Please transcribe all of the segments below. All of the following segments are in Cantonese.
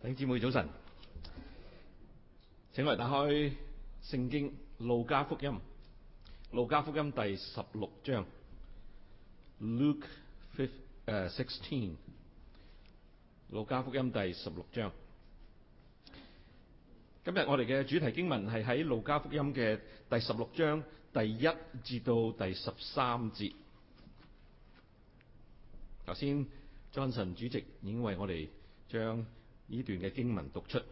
弟兄姊妹，早晨，請我哋打開聖經《路加福音》《路加福音》第十六章 （Luke fifteen, uh, Sixteen）。《路加福音》第十六章。今日我哋嘅主題經文係喺《路加福音》嘅第十六章第一至到第十三節。頭先，Johnson 主席已經為我哋將呢段嘅經文讀出《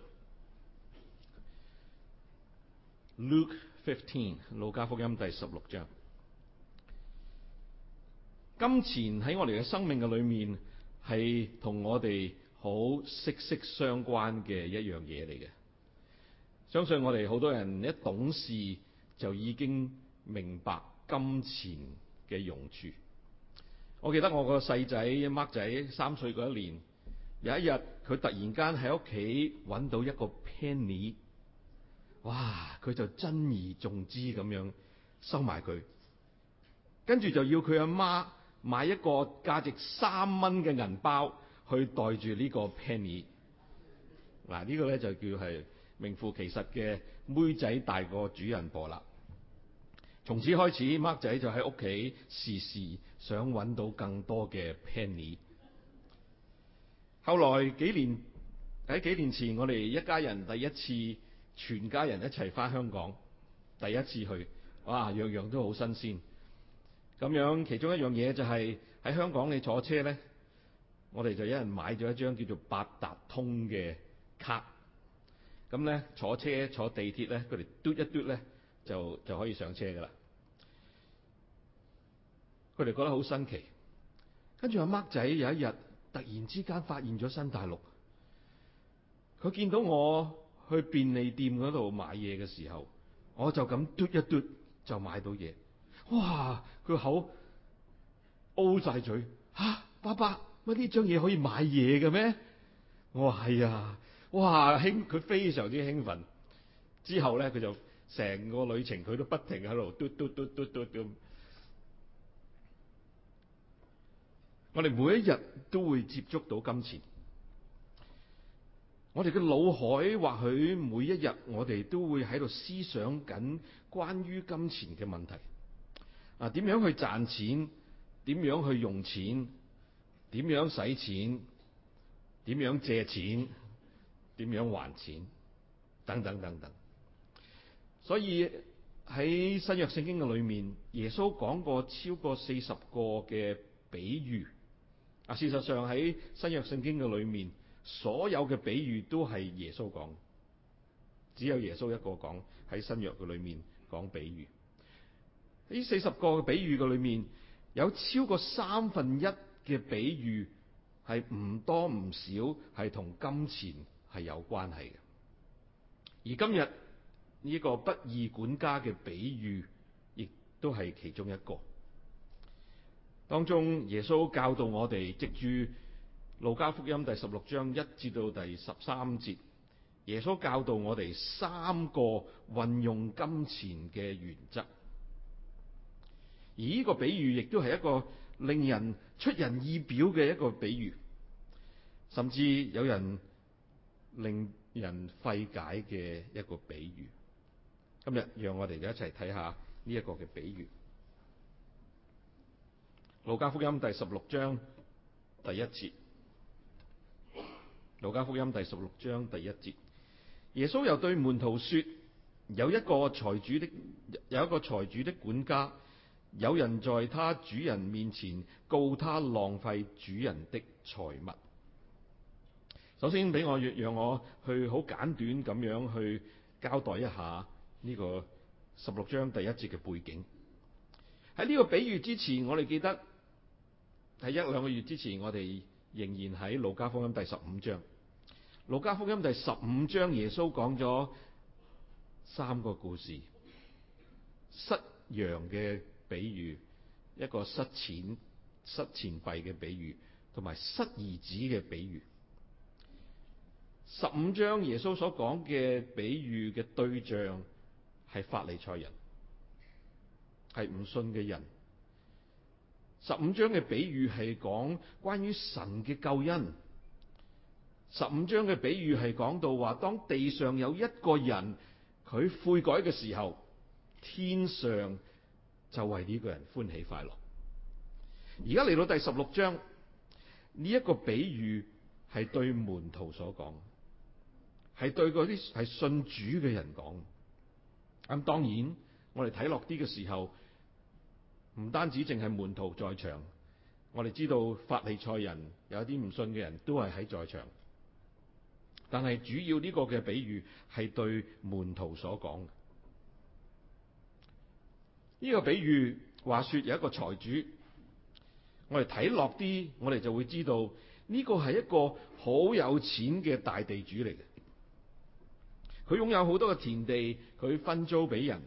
Luke Fifteen》《路加福音》第十六章。金錢喺我哋嘅生命嘅裏面係同我哋好息息相關嘅一樣嘢嚟嘅。相信我哋好多人一懂事就已經明白金錢嘅用處。我記得我個細仔 Mark 仔三歲嗰一年，有一日。佢突然間喺屋企揾到一個 penny，哇！佢就珍而重之咁樣收埋佢，跟住就要佢阿媽買一個價值三蚊嘅銀包去袋住呢個 penny，啊。嗱，呢個咧就叫係名副其實嘅妹仔大過主人婆啦。從此開始，Mark 仔就喺屋企時時想揾到更多嘅 penny。後來幾年喺幾年前，我哋一家人第一次全家人一齊返香港，第一次去，哇，樣樣都好新鮮。咁樣其中一樣嘢就係、是、喺香港你坐車咧，我哋就一人買咗一張叫做八達通嘅卡。咁咧坐車坐地鐵咧，佢哋嘟一嘟咧就就可以上車㗎喇。佢哋覺得好新奇。跟住阿 Mark 仔有一日。突然之間發現咗新大陸，佢見到我去便利店嗰度買嘢嘅時候，我就咁嘟一嘟就買到嘢。哇！佢口 O 晒嘴啊，爸爸乜呢張嘢可以買嘢嘅咩？我話係啊，哇興！佢非常之興奮。之後咧，佢就成個旅程佢都不停喺度嘟嘟嘟嘟嘟嘟。我哋每一日都會接觸到金錢，我哋嘅腦海或許每一日我哋都會喺度思想緊關於金錢嘅問題。啊，點樣去賺錢？點樣去用錢？點樣使錢？點樣借錢？點樣還錢？等等等等。所以喺新約聖經嘅裏面，耶穌講過超過四十個嘅比喻。啊，事實上喺新約聖經嘅裏面，所有嘅比喻都係耶穌講，只有耶穌一個講，喺新約嘅裏面講比喻。呢四十個嘅比喻嘅裏面，有超過三分一嘅比喻係唔多唔少係同金錢係有關係嘅。而今日呢個不義管家嘅比喻，亦都係其中一個。當中耶穌教導我哋，藉住路加福音第十六章一至到第十三節，耶穌教導我哋三個運用金錢嘅原則。而呢個比喻亦都係一個令人出人意表嘅一個比喻，甚至有人令人費解嘅一個比喻。今日讓我哋一齊睇下呢一個嘅比喻。路加福音第十六章第一節，路加福音第十六章第一節，耶穌又對門徒說：有一個財主的有一個財主的管家，有人在他主人面前告他浪費主人的財物。首先俾我讓讓我去好簡短咁樣去交代一下呢個十六章第一節嘅背景。喺呢個比喻之前，我哋記得。喺一兩個月之前，我哋仍然喺《路加福音》第十五章，《路加福音》第十五章，耶穌講咗三個故事：失羊嘅比喻、一個失錢、失錢幣嘅比喻，同埋失兒子嘅比喻。十五章耶穌所講嘅比喻嘅對象係法利賽人，係唔信嘅人。十五章嘅比喻係講關於神嘅救恩。十五章嘅比喻係講到話，當地上有一個人佢悔改嘅時候，天上就為呢個人歡喜快樂。而家嚟到第十六章，呢一個比喻係對門徒所講，係對嗰啲係信主嘅人講。咁當然，我哋睇落啲嘅時候。唔單止淨係門徒在場，我哋知道法利賽人有啲唔信嘅人都係喺在，在場，但係主要呢個嘅比喻係對門徒所講。呢、這個比喻話說有一個財主，我哋睇落啲，我哋就會知道呢個係一個好有錢嘅大地主嚟嘅佢擁有好多嘅田地，佢分租俾人。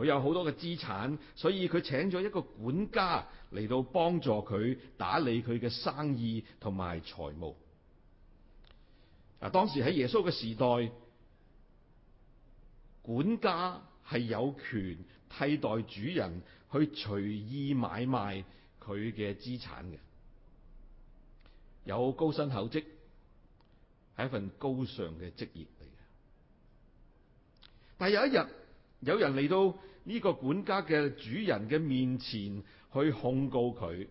佢有好多嘅資產，所以佢請咗一個管家嚟到幫助佢打理佢嘅生意同埋財務。嗱，當時喺耶穌嘅時代，管家係有權替代主人去隨意買賣佢嘅資產嘅，有高薪厚職，係一份高尚嘅職業嚟嘅。但有一日，有人嚟到。呢個管家嘅主人嘅面前去控告佢，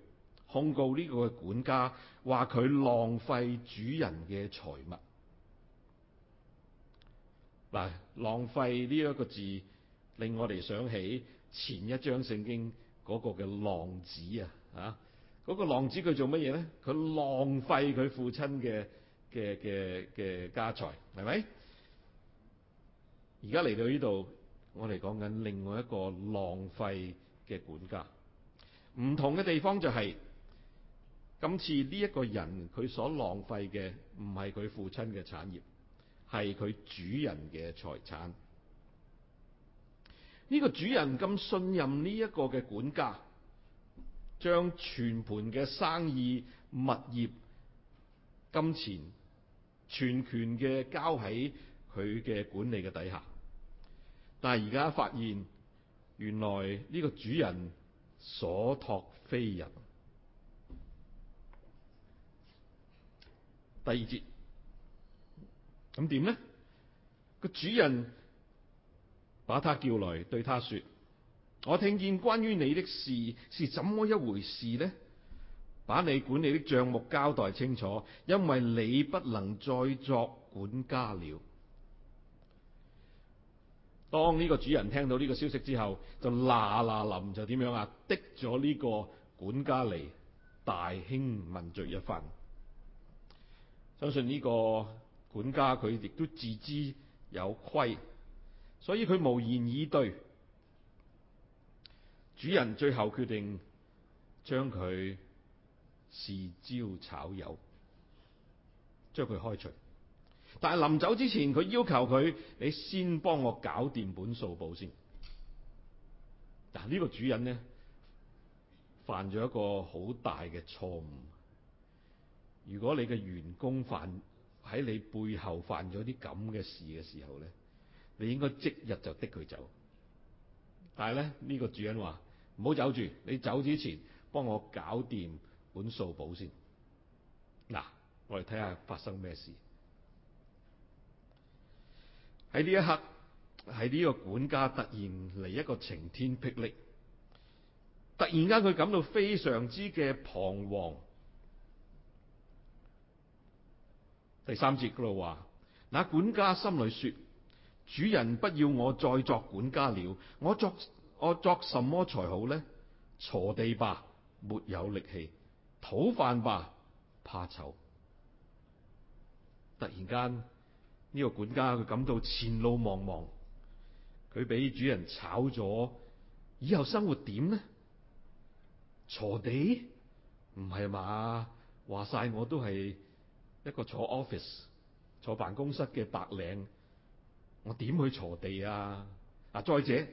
控告呢個嘅管家話佢浪費主人嘅財物。嗱，浪費呢一個字令我哋想起前一章聖經嗰個嘅浪子啊，啊，嗰個浪子佢做乜嘢咧？佢浪費佢父親嘅嘅嘅嘅家財，係咪？而家嚟到呢度。我哋講緊另外一個浪費嘅管家，唔同嘅地方就係、是，今次呢一個人佢所浪費嘅唔係佢父親嘅產業，係佢主人嘅財產。呢、這個主人咁信任呢一個嘅管家，將全盤嘅生意、物業、金錢、全權嘅交喺佢嘅管理嘅底下。但係而家發現，原來呢個主人所託非人。第二節，咁點呢？個主人把他叫來，對他說：我聽見關於你的事是怎麼一回事呢？把你管理的賬目交代清楚，因為你不能再作管家了。當呢個主人聽到呢個消息之後，就嗱嗱臨就點樣啊？的咗呢個管家嚟大興問罪一番。相信呢個管家佢亦都自知有虧，所以佢無言以對。主人最後決定將佢辭招炒魷，將佢開除。但係臨走之前，佢要求佢：你先幫我搞掂本數簿先。嗱，呢個主人咧犯咗一個好大嘅錯誤。如果你嘅員工犯喺你背後犯咗啲咁嘅事嘅時候咧，你應該即日就逼佢走。但係咧，呢個主人話唔好走住，你走之前幫我搞掂本數簿先。嗱，我哋睇下發生咩事。喺呢一刻，喺呢個管家突然嚟一個晴天霹靂，突然間佢感到非常之嘅彷徨。第三節嗰度話，那管家心裏說：主人不要我再作管家了，我作我作什麼才好呢？鋤地吧，沒有力氣；討飯吧，怕醜。突然間。呢個管家佢感到前路茫茫，佢俾主人炒咗，以後生活點咧？鋤地唔係嘛？話晒我都係一個坐 office 坐辦公室嘅白領，我點去鋤地啊？啊，再者，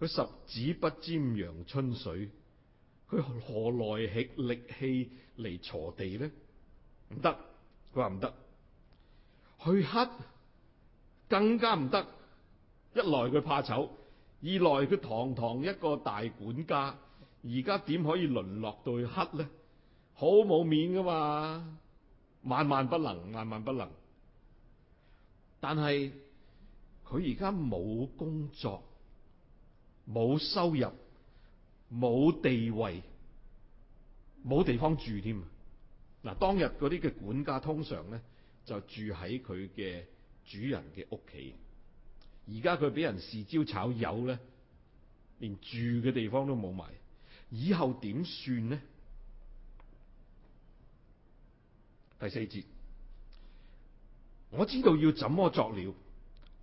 佢十指不沾陽春水，佢何來氣力嚟鋤地咧？唔得，佢話唔得。去乞更加唔得，一來佢怕醜，二來佢堂堂一個大管家，而家點可以淪落到去乞咧？好冇面噶嘛！萬萬不能，萬萬不能。但係佢而家冇工作、冇收入、冇地位、冇地方住添。嗱，當日嗰啲嘅管家通常咧。就住喺佢嘅主人嘅屋企，而家佢俾人豉椒炒魷咧，連住嘅地方都冇埋，以後點算咧？第四節，我知道要怎麼作了，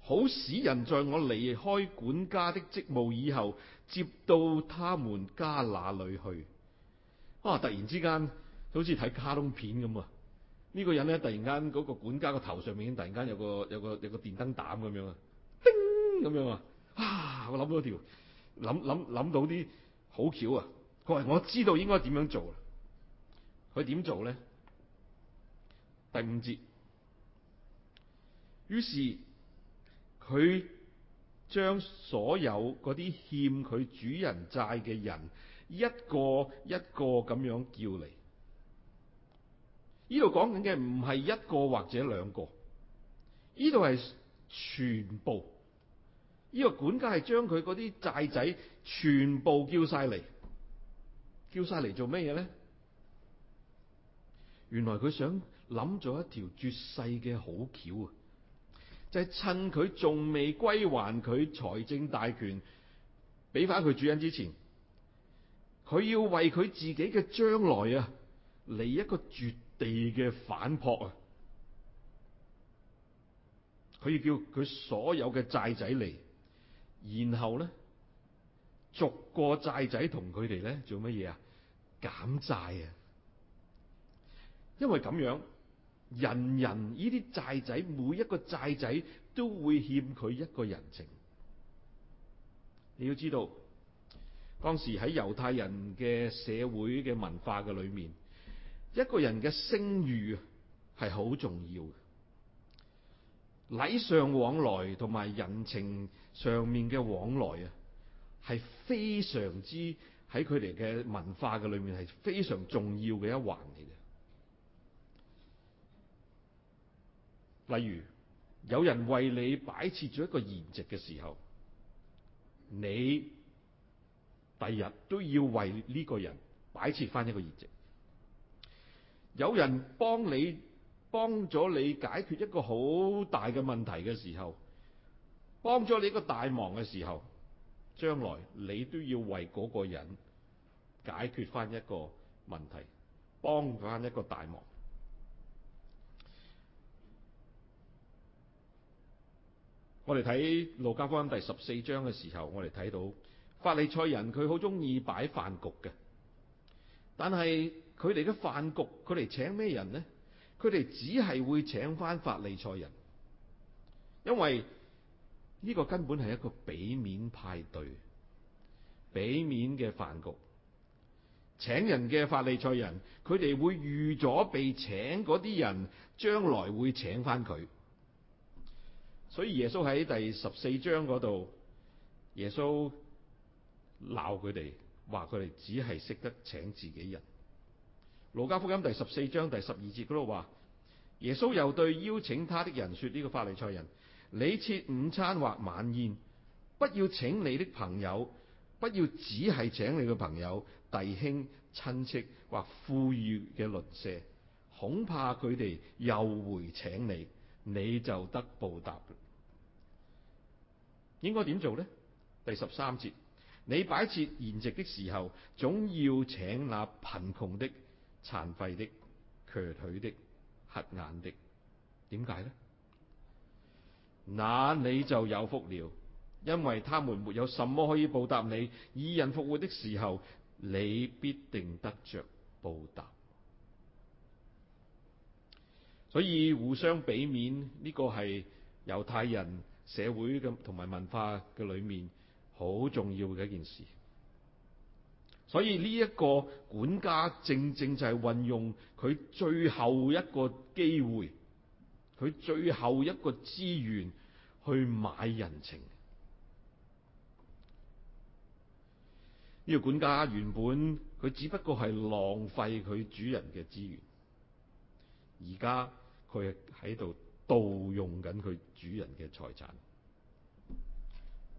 好使人在我離開管家的職務以後，接到他們家那裏去。啊！突然之間，好似睇卡通片咁啊！呢個人咧，突然間嗰個管家個頭上面突然間有個有個有個，有個電燈膽咁樣啊，叮咁樣啊，啊！我諗到條，諗諗諗到啲好巧啊！佢話我知道應該點樣做啦。佢點做咧？第五節，於是佢將所有嗰啲欠佢主人債嘅人一個一個咁樣叫嚟。呢度講緊嘅唔係一個或者兩個，呢度係全部。呢個管家係將佢嗰啲債仔全部叫晒嚟，叫晒嚟做咩嘢呢？原來佢想諗咗一條絕世嘅好橋啊！就係趁佢仲未歸還佢財政大權，俾翻佢主人之前，佢要為佢自己嘅將來啊嚟一個絕。地嘅反撲啊！佢要叫佢所有嘅債仔嚟，然後咧逐個債仔同佢哋咧做乜嘢啊？減債啊！因為咁樣，人人呢啲債仔，每一個債仔都會欠佢一個人情。你要知道，當時喺猶太人嘅社會嘅文化嘅裏面。一個人嘅聲譽係好重要嘅，禮尚往來同埋人情上面嘅往來啊，係非常之喺佢哋嘅文化嘅裏面係非常重要嘅一環嚟嘅。例如有人為你擺設咗一個筵席嘅時候，你第日都要為呢個人擺設翻一個筵席。有人幫你幫咗你解決一個好大嘅問題嘅時候，幫咗你一個大忙嘅時候，將來你都要為嗰個人解決返一個問題，幫返一個大忙。我哋睇路加福音第十四章嘅時候，我哋睇到法利賽人佢好中意擺飯局嘅，但係。佢哋嘅飯局，佢哋請咩人咧？佢哋只係會請翻法利賽人，因為呢個根本係一個俾面派對，俾面嘅飯局，請人嘅法利賽人，佢哋會預咗被請啲人將來會請翻佢。所以耶穌喺第十四章度，耶穌鬧佢哋，話佢哋只係識得請自己人。路加福音第十四章第十二節嗰度話，耶穌又對邀請他的人說：呢、這個法利賽人，你設午餐或晚宴，不要請你的朋友，不要只係請你嘅朋友、弟兄、親戚或富裕嘅鄰舍，恐怕佢哋又會請你，你就得報答。應該點做呢？第十三節，你擺設筵席的時候，總要請那貧窮的。殘廢的、瘸腿的、黑眼的，點解呢？那你就有福了，因為他們沒有什麼可以報答你。以人復活的時候，你必定得着報答。所以互相俾面呢個係猶太人社會嘅同埋文化嘅裏面好重要嘅一件事。所以呢一個管家正正就係運用佢最後一個機會，佢最後一個資源去買人情。呢個管家原本佢只不過係浪費佢主人嘅資源，而家佢係喺度盜用緊佢主人嘅財產，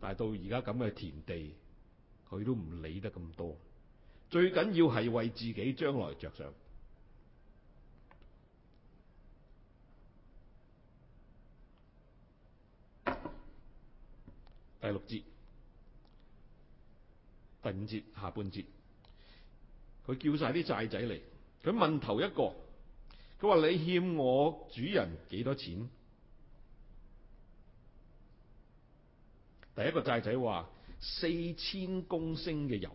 但係到而家咁嘅田地，佢都唔理得咁多。最緊要係為自己將來着想。第六節、第五節、下半節，佢叫晒啲債仔嚟，佢問頭一個，佢話，你欠我主人幾多錢？第一個債仔話四千公升嘅油。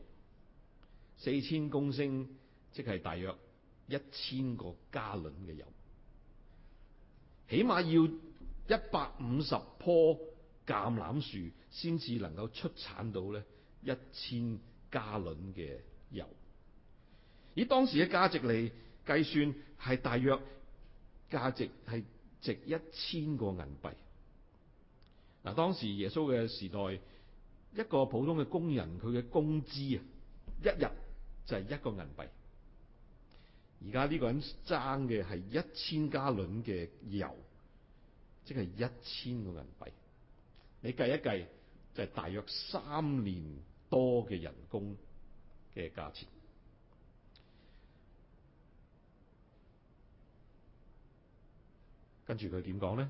四千公升，即係大約一千個加侖嘅油，起碼要一百五十棵橄欖樹先至能夠出產到咧一千加侖嘅油。以當時嘅價值嚟計算，係大約價值係值一千個銀幣。嗱，當時耶穌嘅時代，一個普通嘅工人，佢嘅工資啊，一日。就係一個銀幣。而家呢個人爭嘅係一千加侖嘅油，即係一千個銀幣。你計一計，就係大約三年多嘅人工嘅價錢。跟住佢點講咧？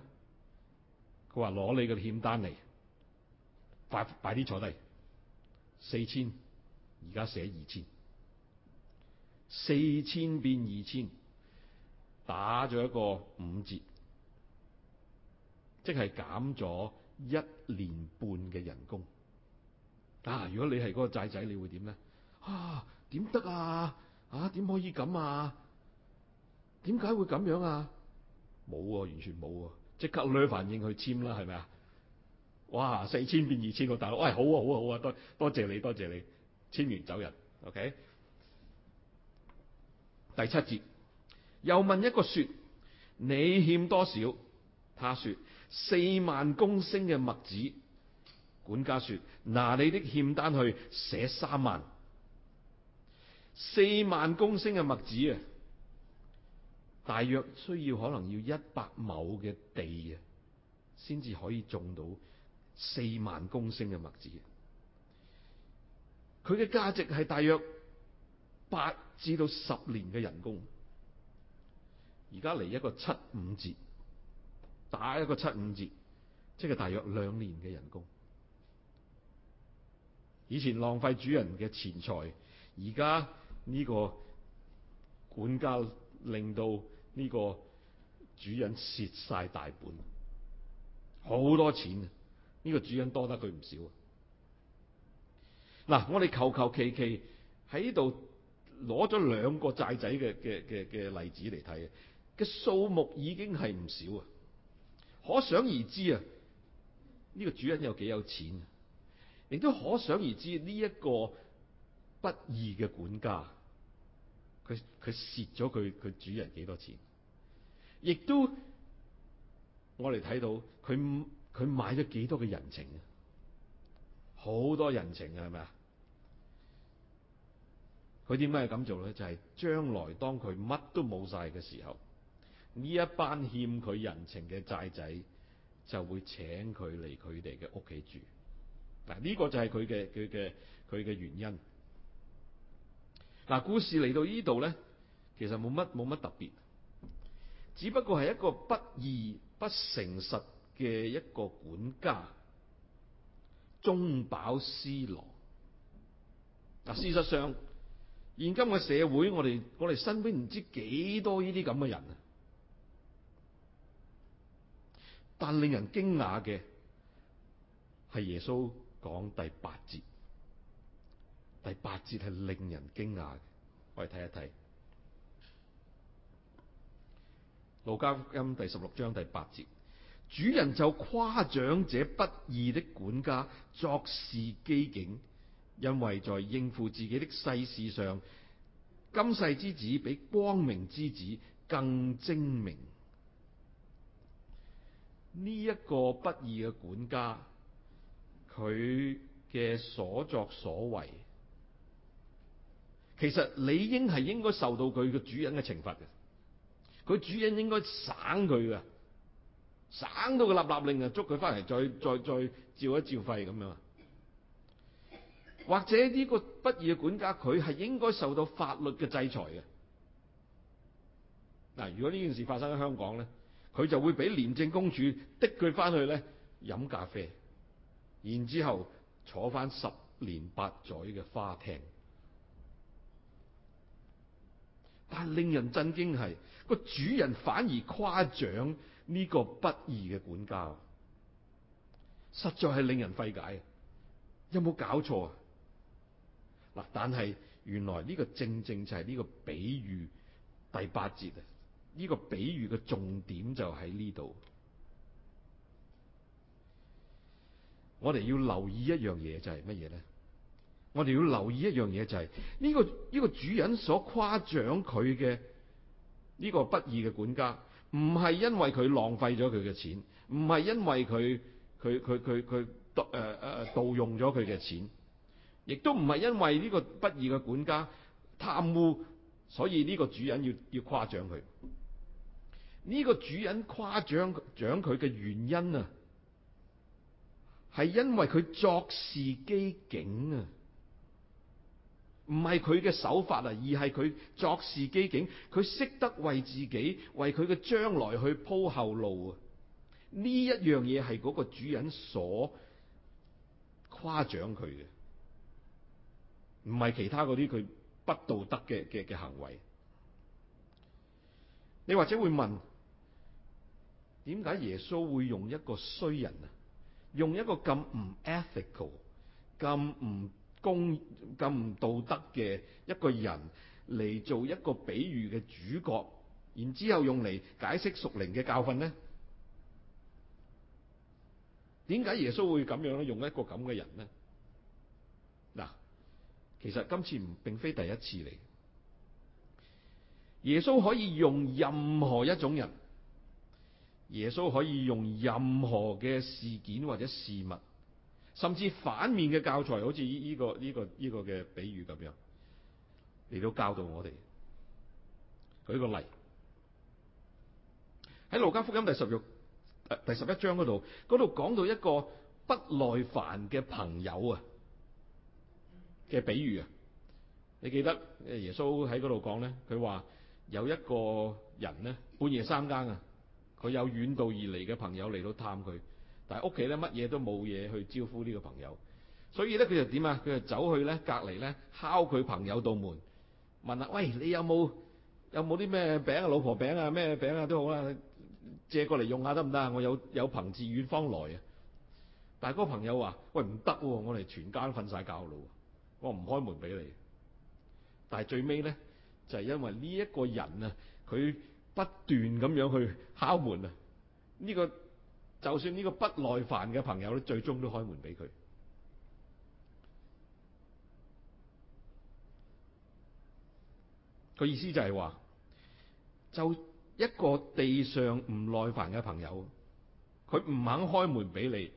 佢話攞你嘅欠單嚟，快快啲坐低。四千，而家寫二千。四千變二千，打咗一個五折，即係減咗一年半嘅人工。啊，如果你係嗰個債仔，你會點咧？啊，點得啊？啊，點可以咁啊？點解會咁樣啊？冇、啊，啊，完全冇，啊。即刻雷反應去簽啦，係咪啊？哇，四千變二千個大佬，喂、哎，好啊，好啊，好啊，多謝多謝你，多謝你，簽完走人，ok。第七節，又問一個說：你欠多少？他說：四萬公升嘅麥子。管家說：拿你的欠單去寫三萬。四萬公升嘅麥子啊，大約需要可能要一百畝嘅地啊，先至可以種到四萬公升嘅麥子。佢嘅價值係大約。八至到十年嘅人工，而家嚟一個七五折，打一個七五折，即係大約兩年嘅人工。以前浪費主人嘅錢財，而家呢個管家令到呢個主人蝕晒大本，好多錢啊！呢個主人多得佢唔少。嗱，我哋求求其其喺度。攞咗兩個債仔嘅嘅嘅嘅例子嚟睇，嘅數目已經係唔少啊！可想而知啊，呢個主人有幾有錢，亦都可想而知呢一個不義嘅管家，佢佢蝕咗佢佢主人幾多錢，亦都我哋睇到佢佢買咗幾多嘅人情啊，好多人情啊，係咪啊？佢點解係咁做咧？就係、是、將來當佢乜都冇晒嘅時候，呢一班欠佢人情嘅債仔就會請佢嚟佢哋嘅屋企住。嗱、啊，呢、這個就係佢嘅佢嘅佢嘅原因。嗱、啊，故事嚟到呢度咧，其實冇乜冇乜特別，只不過係一個不義不誠實嘅一個管家，中飽私囊。嗱、啊，事實上。現今嘅社會，我哋我哋身邊唔知幾多呢啲咁嘅人啊！但令人驚訝嘅係耶穌講第八節，第八節係令人驚訝嘅。我哋睇一睇《路加福音》第十六章第八節，主人就誇獎這不義的管家作事機警，因為在應付自己的世事上，今世之子比光明之子更精明。呢、這、一個不義嘅管家，佢嘅所作所為，其實理應係應該受到佢嘅主人嘅懲罰嘅。佢主人應該省佢嘅，省到佢立立令啊，捉佢翻嚟，再再再照一照肺咁樣。或者呢個不義嘅管家，佢係應該受到法律嘅制裁嘅。嗱，如果呢件事發生喺香港咧，佢就會俾廉政公署的佢翻去咧飲咖啡，然之後坐翻十年八載嘅花廳。但係令人震驚係，個主人反而誇獎呢個不義嘅管家，實在係令人費解。有冇搞錯啊？嗱，但係原來呢個正正就係呢個比喻第八節啊，呢個比喻嘅重點就喺呢度。我哋要留意一樣嘢就係乜嘢咧？我哋要留意一樣嘢就係呢個呢個主人所誇獎佢嘅呢個不義嘅管家，唔係因為佢浪費咗佢嘅錢，唔係因為佢佢佢佢佢誒誒盜用咗佢嘅錢。亦都唔係因為呢個不義嘅管家貪污，所以呢個主人要要誇獎佢。呢個主人誇獎獎佢嘅原因啊，係因為佢作事機警啊，唔係佢嘅手法啊，而係佢作事機警，佢識得為自己、為佢嘅將來去鋪後路啊。呢一樣嘢係嗰個主人所誇獎佢嘅。唔係其他嗰啲佢不道德嘅嘅嘅行為。你或者會問：點解耶穌會用一個衰人啊，用一個咁唔 ethical、咁唔公、咁唔道德嘅一個人嚟，做一個比喻嘅主角，然之後用嚟解釋屬靈嘅教訓咧？點解耶穌會咁樣咧？用一個咁嘅人咧？其實今次唔並非第一次嚟，耶穌可以用任何一種人，耶穌可以用任何嘅事件或者事物，甚至反面嘅教材，好似呢個呢個呢個嘅比喻咁樣嚟到教導我哋。舉個例，喺路加福音第十六、第十一章嗰度，嗰度講到一個不耐煩嘅朋友啊。嘅比喻啊，你記得耶穌喺度講咧，佢話有一個人咧，半夜三更啊，佢有遠道而嚟嘅朋友嚟到探佢，但係屋企咧，乜嘢都冇嘢去招呼呢個朋友，所以咧佢就點啊？佢就走去咧隔籬，咧敲佢朋友道門問啊，喂，你有冇有冇啲咩餅啊，老婆餅啊，咩餅啊都好啦，借過嚟用下得唔得啊？我有有朋自遠方來啊，但係個朋友話喂，唔得喎，我哋全家瞓曬覺啦。我唔開門俾你，但係最尾呢，就係因為呢一個人啊，佢不斷咁樣去敲門啊，呢個就算呢個不耐煩嘅朋友咧，最終都開門俾佢。佢意思就係話，就一個地上唔耐煩嘅朋友，佢唔肯開門俾你，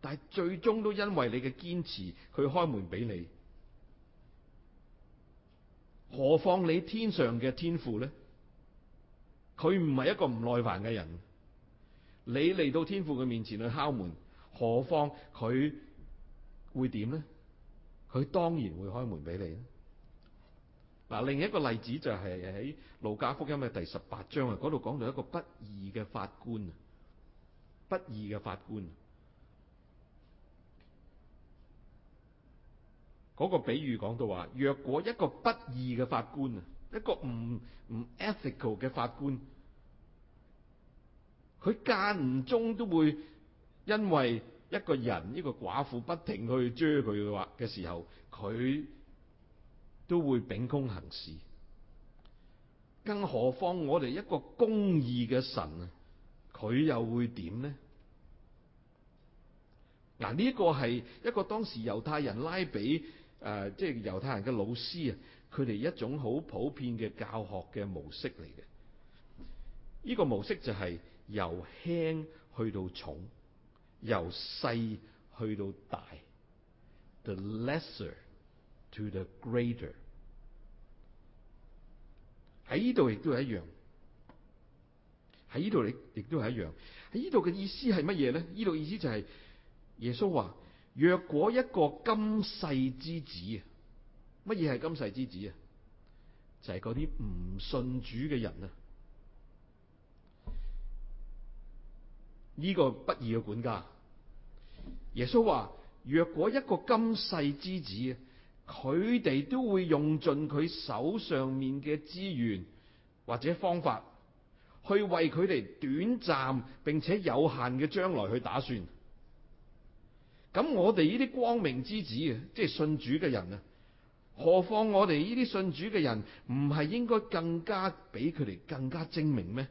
但係最終都因為你嘅堅持，佢開門俾你。何況你天上嘅天父咧，佢唔係一個唔耐煩嘅人，你嚟到天父嘅面前去敲門，何況佢會點咧？佢當然會開門俾你啦。嗱，另一個例子就係喺路加福音嘅第十八章啊，嗰度講到一個不義嘅法官啊，不義嘅法官。嗰個比喻講到話，若果一個不義嘅法官啊，一個唔唔 ethical 嘅法官，佢間唔中都會因為一個人呢個寡婦不停去追佢嘅話嘅時候，佢都會秉公行事。更何況我哋一個公義嘅神啊，佢又會點呢？嗱，呢個係一個當時猶太人拉比。誒、呃，即係猶太人嘅老師啊，佢哋一種好普遍嘅教學嘅模式嚟嘅。呢、呢個模式就係由輕去到重，由細去到大，the lesser to the greater。喺呢度亦都係一樣，喺呢度亦亦都係一樣。喺呢度嘅意思係乜嘢咧？呢度意思就係耶穌話。若果一個今世之子，乜嘢係今世之子啊？就係嗰啲唔信主嘅人啊！呢個不義嘅管家，耶穌話：若果一個今世之子，佢哋都會用盡佢手上面嘅資源或者方法，去為佢哋短暫並且有限嘅將來去打算。咁我哋呢啲光明之子啊，即係信主嘅人啊，何況我哋呢啲信主嘅人，唔係應該更加俾佢哋更加精明咩？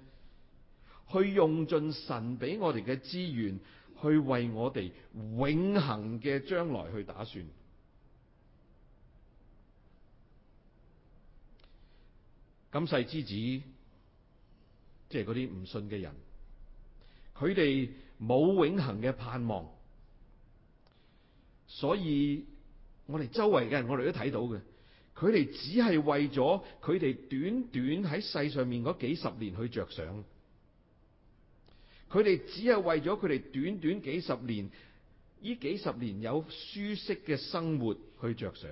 去用盡神俾我哋嘅資源，去為我哋永恆嘅將來去打算。今世之子，即係啲唔信嘅人，佢哋冇永恆嘅盼望。所以我哋周圍嘅人，我哋都睇到嘅，佢哋只係為咗佢哋短短喺世上面嗰幾十年去着想，佢哋只係為咗佢哋短短幾十年，呢幾十年有舒適嘅生活去着想，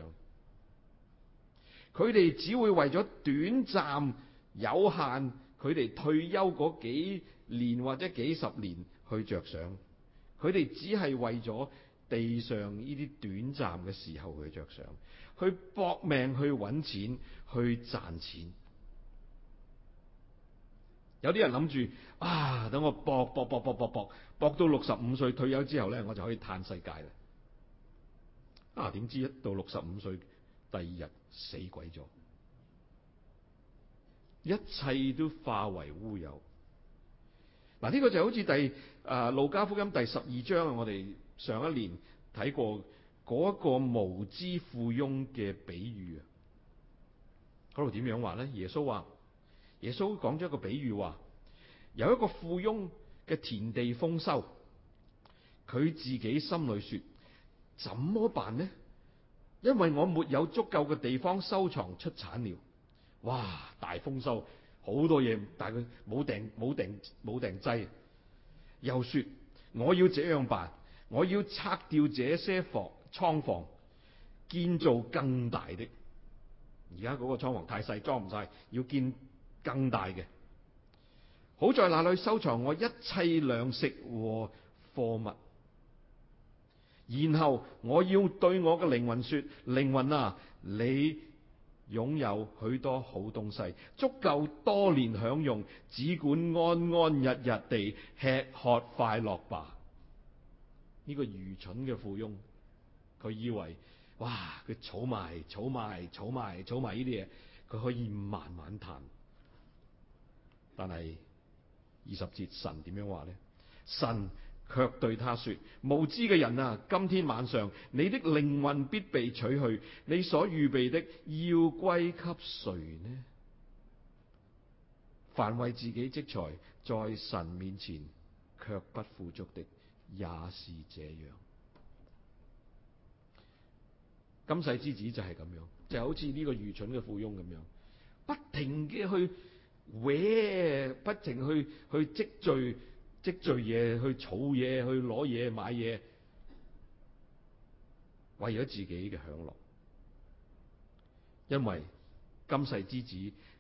佢哋只會為咗短暫、有限，佢哋退休嗰幾年或者幾十年去着想，佢哋只係為咗。地上呢啲短暫嘅時候去着想，去搏命去搵錢，去賺錢。有啲人諗住啊，等我搏搏搏搏搏搏搏到六十五歲退休之後咧，我就可以嘆世界啦。啊，點知一到六十五歲第二日死鬼咗，一切都化為烏有。嗱、啊、呢、這個就好似第啊路加福音第十二章啊，我哋上一年睇過嗰個無知富翁嘅比喻啊，嗰度點樣話咧？耶穌話，耶穌講咗一個比喻話，有一個富翁嘅田地豐收，佢自己心裏說，怎麼辦呢？因為我沒有足夠嘅地方收藏出產了。哇，大豐收，好多嘢，但係佢冇定冇定冇定制。又說，我要這樣辦。我要拆掉這些房倉房，建造更大的。而家個倉房太細，裝唔晒，要建更大嘅。好在那裡收藏我一切糧食和貨物。然後我要對我嘅靈魂說：靈魂啊，你擁有許多好東西，足夠多年享用，只管安安逸逸地吃喝快樂吧。呢個愚蠢嘅富翁，佢以為，哇！佢儲埋、儲埋、儲埋、儲埋呢啲嘢，佢可以慢慢嘆。但係二十節神點樣話呢？神卻對他說：無知嘅人啊，今天晚上你的靈魂必，必被取去，你所預備的要歸給誰呢？凡為自己積財，在神面前卻不富足的。也是這樣，今世之子就係咁樣，就是、好似呢個愚蠢嘅富翁咁樣，不停嘅去搲，不停去去積聚積聚嘢，去儲嘢，去攞嘢買嘢，為咗自己嘅享樂。因為今世之子，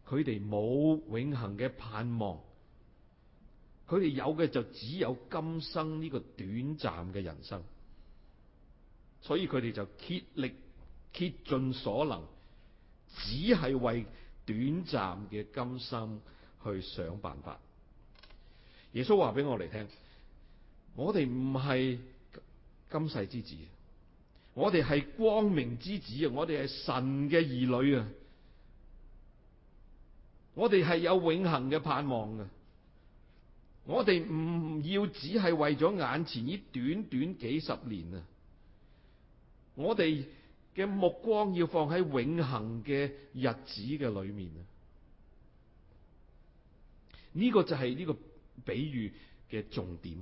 佢哋冇永恒嘅盼望。佢哋有嘅就只有今生呢個短暫嘅人生，所以佢哋就竭力竭盡所能，只係為短暫嘅今生去想辦法。耶穌話俾我哋聽，我哋唔係今世之子，我哋係光明之子啊！我哋係神嘅兒女啊！我哋係有永恒嘅盼望嘅。我哋唔要只係為咗眼前呢短短幾十年啊！我哋嘅目光要放喺永恒嘅日子嘅裏面啊！呢個就係呢個比喻嘅重點。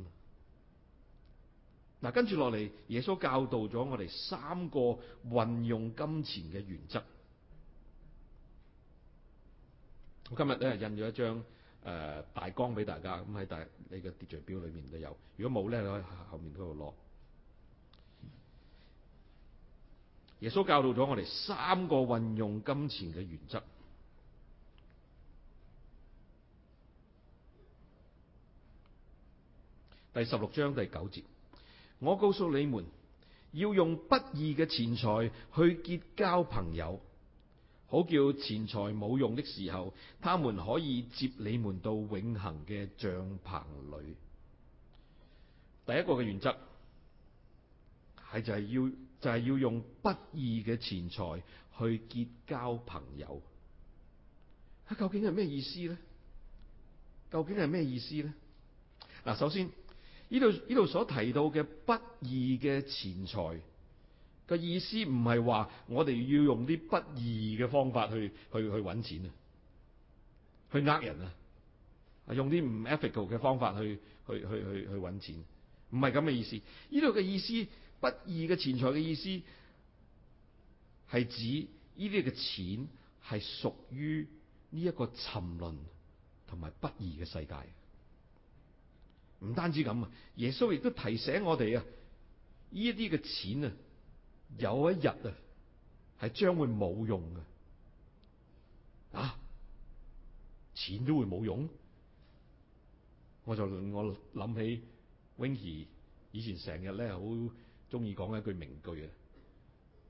嗱，跟住落嚟，耶穌教導咗我哋三個運用金錢嘅原則。我今日咧印咗一張。誒、呃、大綱俾大家，咁喺大你嘅秩序表裏面都有，如果冇咧，你可以喺後面嗰度攞。耶穌教導咗我哋三個運用金錢嘅原則。第十六章第九節，我告訴你們要用不義嘅錢財去結交朋友。好叫錢財冇用的時候，他們可以接你們到永恆嘅帳棚裏。第一個嘅原則係就係要就係要用不義嘅錢財去結交朋友。啊，究竟係咩意思呢？究竟係咩意思呢？嗱，首先呢度呢度所提到嘅不義嘅錢財。個意思唔係話我哋要用啲不義嘅方法去去去搵錢啊，去呃人啊，用啲唔 ethical 嘅方法去去去去去搵錢，唔係咁嘅意思。呢度嘅意思不義嘅錢財嘅意思，係指呢啲嘅錢係屬於呢一個沉淪同埋不義嘅世界。唔單止咁啊，耶穌亦都提醒我哋啊，呢一啲嘅錢啊。有一日啊，係將會冇用嘅，啊，錢都會冇用。我就令我諗起 wing 兒以前成日咧好鍾意講一句名句啊，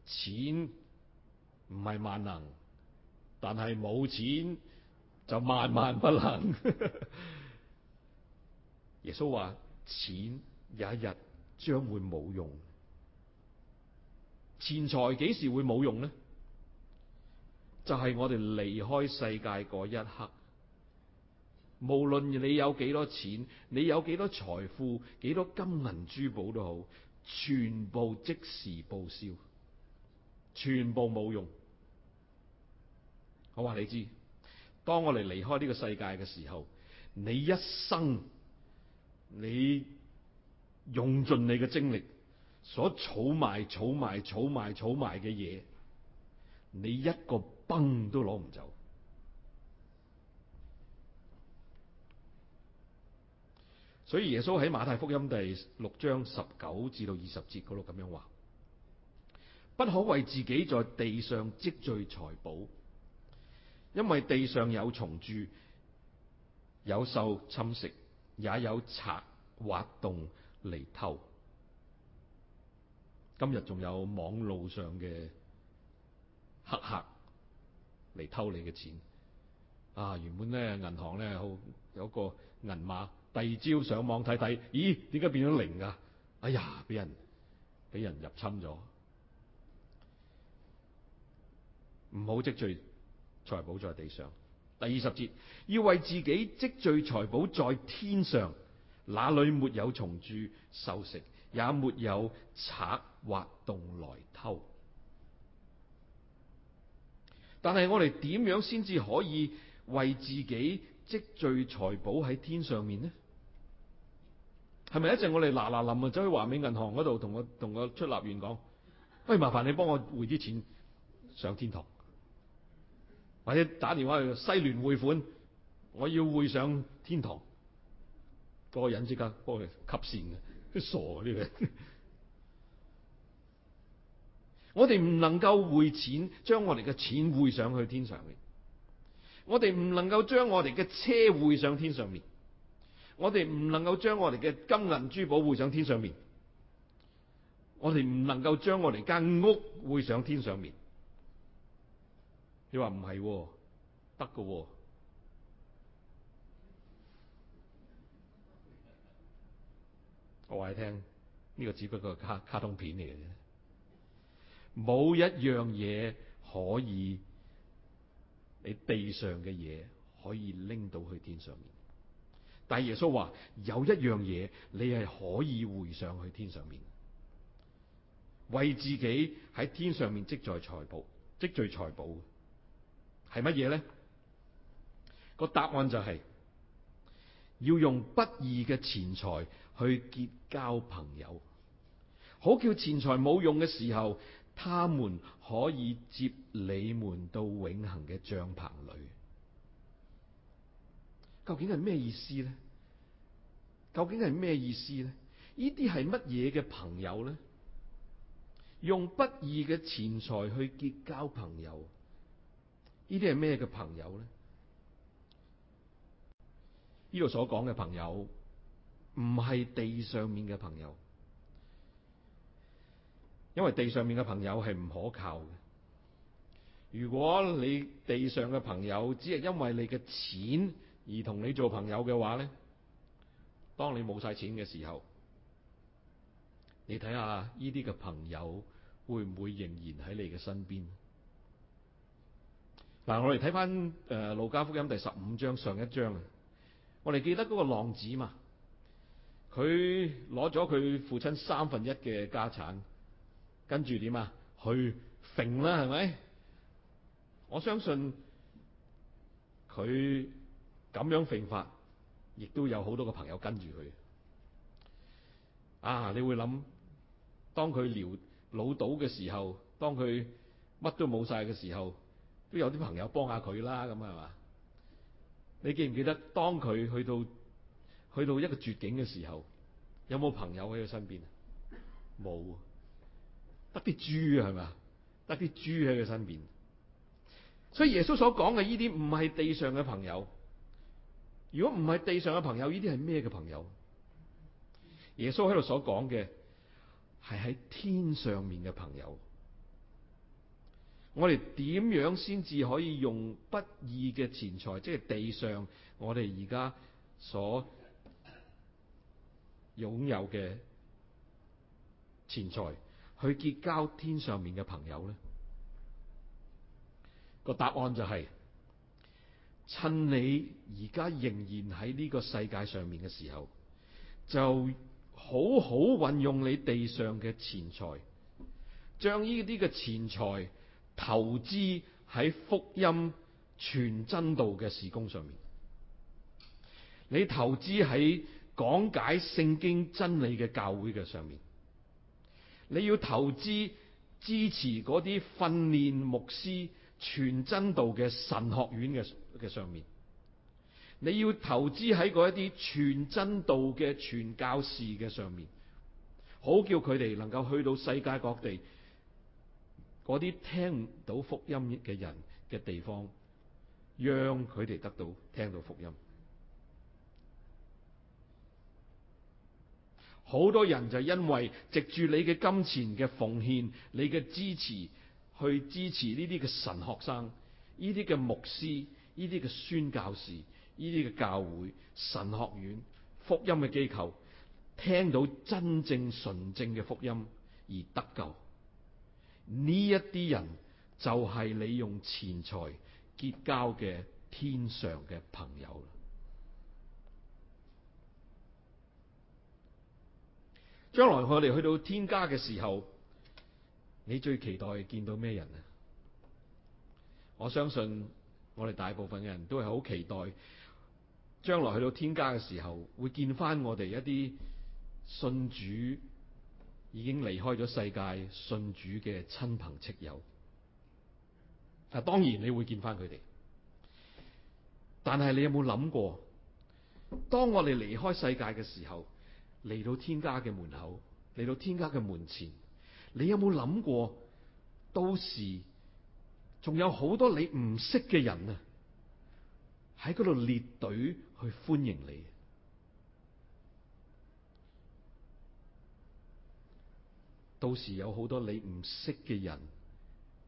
錢唔係萬能，但係冇錢就萬萬不能。 耶穌話：錢有一日將會冇用。錢財幾時會冇用呢？就係我哋離開世界嗰一刻。無論你有幾多錢，你有幾多財富、幾多金銀珠寶都好，全部即時報銷，全部冇用。我話你知，當我哋離開呢個世界嘅時候，你一生你用盡你嘅精力。所儲埋、儲埋、儲埋、儲埋嘅嘢，你一個崩都攞唔走。所以耶穌喺馬太福音第六章十九至到二十節嗰度咁樣話：不可為自己在地上積聚財寶，因為地上有蟲蛀，有獸侵蝕，也有賊挖洞嚟偷。今日仲有網路上嘅黑客嚟偷你嘅錢啊！原本咧，銀行咧好有個銀碼，第二朝上網睇睇，咦？點解變咗零啊？哎呀，俾人俾人入侵咗。唔好積聚財寶在地上。第二十節，要為自己積聚財寶在天上，哪裏沒有蟲蛀、受蝕。也沒有賊挖洞來偷，但係我哋點樣先至可以為自己積聚財寶喺天上面呢？係咪一陣我哋嗱嗱臨啊走去華美銀行嗰度，同我同我出納員講，喂、hey, 麻煩你幫我匯啲錢上天堂，或者打電話去西聯匯款，我要匯上天堂。那個人即刻幫佢吸線嘅。傻呢嘅， 我哋唔能夠匯錢，將我哋嘅錢匯上去天上面。我哋唔能夠將我哋嘅車匯上天上面。我哋唔能夠將我哋嘅金銀珠寶匯上天上面。我哋唔能夠將我哋間屋匯上天上面。你話唔係，得㗎，哦。我話你聽，呢、這個只不過卡卡通片嚟嘅啫，冇一樣嘢可以你地上嘅嘢可以拎到去天上面。但係耶穌話有一樣嘢你係可以會上去天上面，為自己喺天上面積在財寶，積聚財寶嘅係乜嘢咧？個答案就係、是、要用不義嘅錢財去結交朋友，好叫錢財冇用嘅時候，他們可以接你們到永恒嘅帳篷裏。究竟係咩意思呢？究竟係咩意思呢？呢啲係乜嘢嘅朋友呢？用不義嘅錢財去結交朋友，呢啲係咩嘅朋友呢？呢度所講嘅朋友，唔係地上面嘅朋友，因為地上面嘅朋友係唔可靠嘅。如果你地上嘅朋友只係因為你嘅錢而同你做朋友嘅話咧，當你冇晒錢嘅時候，你睇下呢啲嘅朋友會唔會仍然喺你嘅身邊？嗱、嗯，我哋睇翻誒《路加福音》第十五章上一章啊！我哋記得嗰個浪子嘛。佢攞咗佢父親三分一嘅家產，跟住點啊？去揈啦，係咪？我相信佢咁樣揈法，亦都有好多個朋友跟住佢。啊！你會諗，當佢撩老倒嘅時候，當佢乜都冇晒嘅時候，都有啲朋友幫下佢啦，咁係咪？你記唔記得當佢去到，去到一個絕境嘅時候，有冇朋友喺佢身邊啊？冇，得啲豬係咪？得啲豬喺佢身邊。所以耶穌所講嘅呢啲唔係地上嘅朋友。如果唔係地上嘅朋友，呢啲係咩嘅朋友？耶穌喺度所講嘅係喺天上面嘅朋友。我哋點樣先至可以用不義嘅錢財，即係地上我哋而家所。擁有嘅錢財去結交天上面嘅朋友，呢個答案就係、是、趁你而家仍然喺呢個世界上面嘅時候，就好好運用你地上嘅錢財，將呢啲嘅錢財投資喺福音全真道嘅事工上面，你投資喺。講解聖經真理嘅教會嘅上面，你要投資支持嗰啲訓練牧師傳真道嘅神學院嘅嘅上面，你要投資喺一啲傳真道嘅傳教士嘅上面，好叫佢哋能夠去到世界各地嗰啲聽唔到福音嘅人嘅地方，讓佢哋得到聽到福音。好多人就因為藉住你嘅金錢嘅奉獻、你嘅支持去支持呢啲嘅神學生、呢啲嘅牧師、呢啲嘅宣教士、呢啲嘅教會、神學院、福音嘅機構，聽到真正純正嘅福音而得救，呢一啲人就係你用錢財結交嘅天上嘅朋友啦。將來我哋去到天家嘅時候，你最期待見到咩人啊？我相信我哋大部分嘅人都係好期待，將來去到天家嘅時候，會見翻我哋一啲信主已經離開咗世界信主嘅親朋戚友。啊，當然你會見翻佢哋，但係你有冇諗過，當我哋離開世界嘅時候，嚟到天家嘅門口，嚟到天家嘅門前，你有冇諗過？到時仲有好多你唔識嘅人啊，喺度列隊去歡迎你。到時有好多你唔識嘅人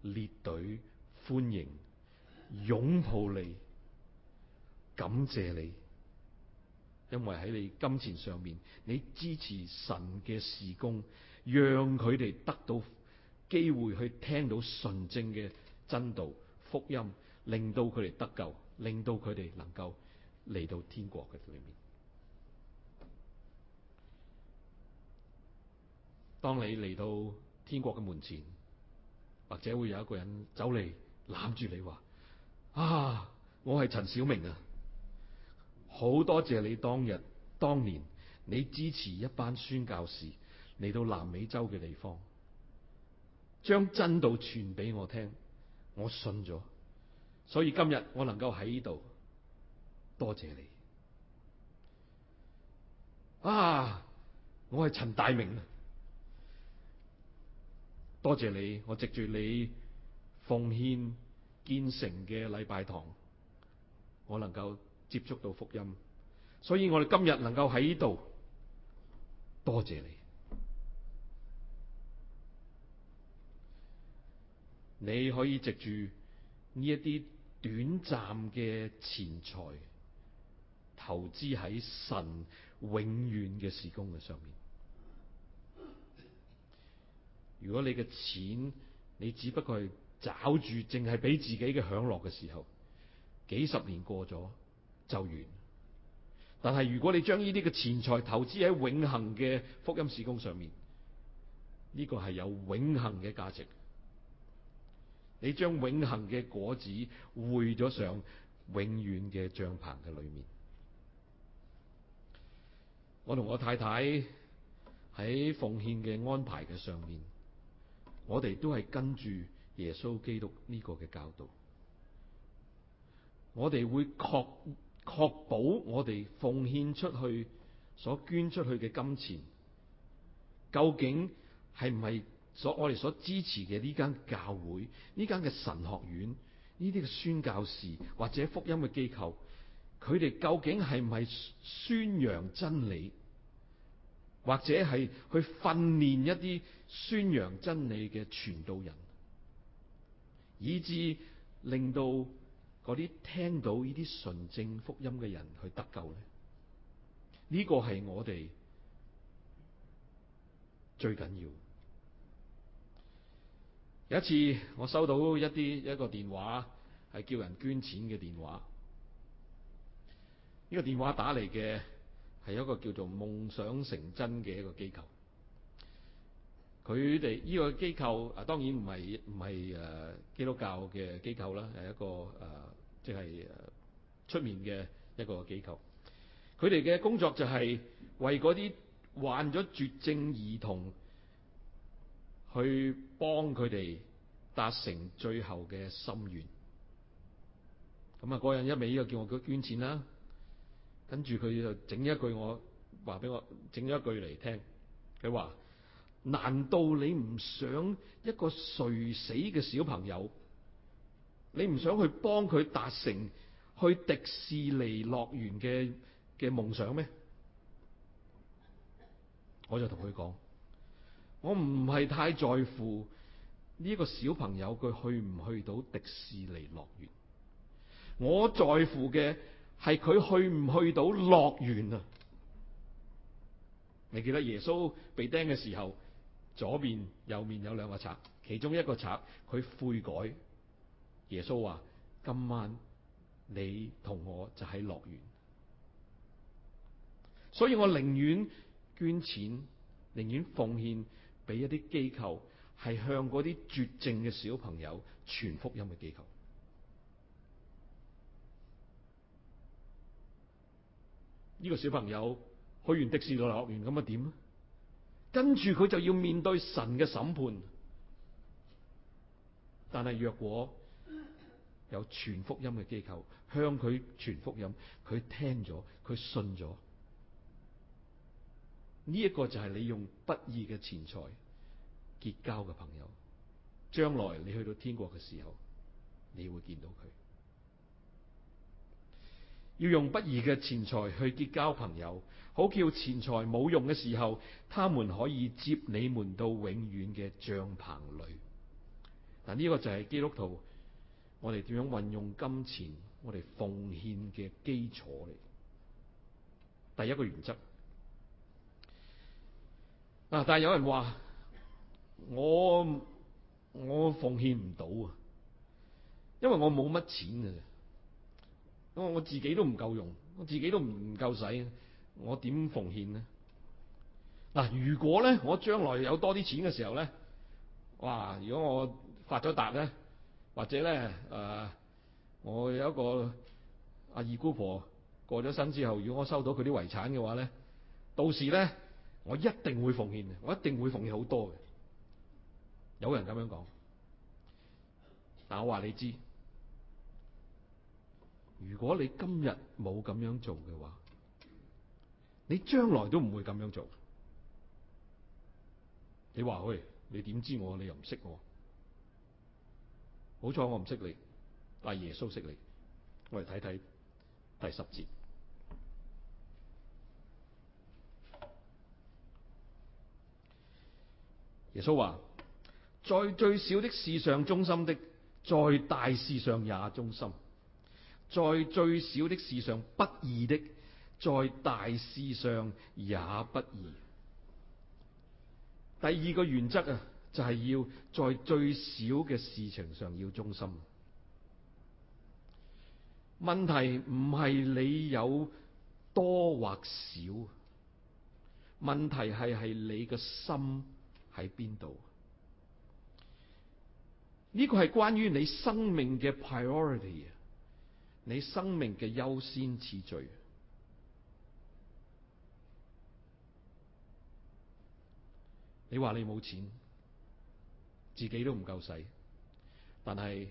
列隊歡迎、擁抱你、感謝你。因為喺你金錢上面，你支持神嘅事工，讓佢哋得到機會去聽到純正嘅真道福音，令到佢哋得救，令到佢哋能夠嚟到天國嘅裏面。當你嚟到天國嘅門前，或者會有一個人走嚟攬住你話，啊，我係陳小明啊！好多謝你當日，當年你支持一班宣教士嚟到南美洲嘅地方，將真道傳俾我聽，我信咗，所以今日我能夠喺呢度，多謝你。啊，我係陳大明啊，多謝你，我藉住你奉獻建成嘅禮拜堂，我能夠。接觸到福音，所以我哋今日能夠喺度，多謝你。你可以藉住呢一啲短暫嘅錢財，投資喺神永遠嘅事工嘅上面。如果你嘅錢你只不過係揸住，淨係俾自己嘅享樂嘅時候，幾十年過咗，就完。但係如果你將呢啲嘅錢財投資喺永恆嘅福音事工上面，呢個係有永恆嘅價值。你將永恆嘅果子匯咗上永遠嘅帳篷嘅裏面。我同我太太喺奉獻嘅安排嘅上面，我哋都係跟住耶穌基督呢個嘅教導，我哋會確確保我哋奉獻出去，所捐出去嘅金錢，究竟係唔係所我哋所支持嘅呢間教會、呢間嘅神學院、呢啲嘅宣教士或者福音嘅機構，佢哋究竟係唔係宣揚真理，或者係去訓練一啲宣揚真理嘅傳道人，以致令到。嗰啲聽到呢啲純正福音嘅人去得救咧，呢個係我哋最緊要。有一次我收到一啲一個電話係叫人捐錢嘅電話，呢個電話打嚟嘅係一個叫做夢想成真嘅一個機構，佢哋呢個機構啊，當然唔係唔係誒基督教嘅機構啦，係一個誒。啊即係、呃、出面嘅一個機構，佢哋嘅工作就係為嗰啲患咗絕症兒童去幫佢哋達成最後嘅心願。咁啊，嗰人一味又叫我捐錢啦，跟住佢就整一句我話俾我，整咗一句嚟聽。佢話，難道你唔想一個垂死嘅小朋友？你唔想去幫佢達成去迪士尼樂園嘅嘅夢想咩？我就同佢講，我唔係太在乎呢個小朋友佢去唔去到迪士尼樂園。我在乎嘅係佢去唔去到樂園啊！你記得耶穌被釘嘅時候，左邊、右面有兩個賊，其中一個賊佢悔改。耶穌話：今晚你同我就喺樂園，所以我寧願捐錢，寧願奉獻俾一啲機構，係向嗰啲絕症嘅小朋友傳福音嘅機構。呢、這個小朋友去完迪士尼樂園咁啊點啊？跟住佢就要面對神嘅審判。但係若果，有傳福音嘅機構向佢傳福音，佢聽咗，佢信咗。呢一個就係你用不義嘅錢財結交嘅朋友，將來你去到天國嘅時候，你會見到佢。要用不義嘅錢財去結交朋友，好叫錢財冇用嘅時候，他們可以接你們到永遠嘅帳篷裏。嗱，呢個就係基督徒。我哋點樣運用金錢？我哋奉獻嘅基礎嚟，第一個原則啊！但係有人話我，我奉獻唔到啊，因為我冇乜錢啊，因為我自己都唔夠用，我自己都唔夠使，我點奉獻呢？嗱、啊，如果咧我將來有多啲錢嘅時候咧，哇！如果我發咗達咧～或者咧，誒、呃，我有一個阿二姑婆過咗身之後，如果我收到佢啲遺產嘅話咧，到時咧，我一定會奉獻嘅，我一定會奉獻好多嘅。有人咁樣講，但我話你知，如果你今日冇咁樣做嘅話，你將來都唔會咁樣做。你話：「喂，你點知我？你又唔識我？」好彩我唔識你，但耶穌識你。我嚟睇睇第十節。耶穌話：在最小的事上忠心的，在大事上也忠心；在最小的事上不義的，在大事上也不義。第二個原則啊。就係要在最少嘅事情上要忠心。問題唔係你有多或少，問題係係你嘅心喺邊度？呢個係關於你生命嘅 priority，你生命嘅優先次序。你話你冇錢。自己都唔夠使，但係